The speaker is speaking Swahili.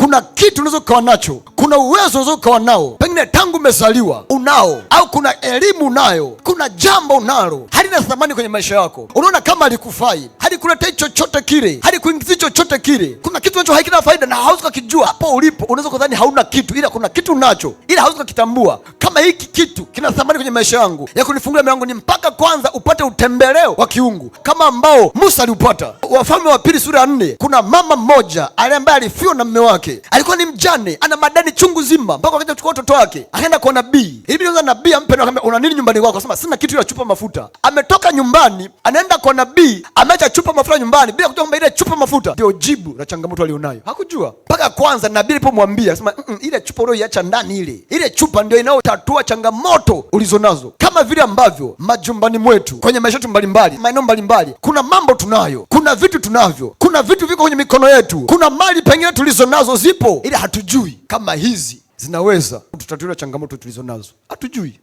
kuna kitu unaweza ukawa nacho, kuna uwezo unaweza ukawa nao, pengine tangu umezaliwa unao, au kuna elimu unayo, kuna jambo unalo, halina thamani kwenye maisha yako. Unaona kama halikufai, halikuletea chochote kile, kuingizi chochote kile. Kuna kitu nacho hakina faida na hauwezi ukakijua. Hapo ulipo unaweza kudhani hauna kitu, ila kuna kitu nacho, ila hauwezi ukakitambua kama hiki kitu kina thamani kwenye maisha yangu ya kunifungulia milango, ni mpaka kwanza upate utembeleo wa kiungu kama ambao Musa aliupata. Wafalme wa Pili sura ya nne, kuna mama mmoja ale ambaye alifiwa na mme wake alikuwa ni mjane, ana madani chungu zima, mpaka akaja kuchukua watoto wake akaenda kwa nabii. hivi kwanza nabii ampe na una nini nyumbani kwako? Akasema sina kitu, ila chupa mafuta. Ametoka nyumbani anaenda kwa nabii, ameacha chupa mafuta nyumbani bila kujua kwamba ile chupa mafuta ndio jibu la changamoto alionayo. Hakujua mpaka kwanza nabii alipomwambia, akasema mm -mm, ile chupa ulioiacha ndani, ile ile chupa ndio inayotatua changamoto ulizonazo, kama vile ambavyo majumbani mwetu, kwenye maisha yetu mbalimbali, maeneo mbalimbali, kuna mambo tunayo kuna kuna vitu tunavyo, kuna vitu viko kwenye mikono yetu, kuna mali pengine tulizo nazo zipo, ila hatujui kama hizi zinaweza kututatulia changamoto tulizo nazo, hatujui.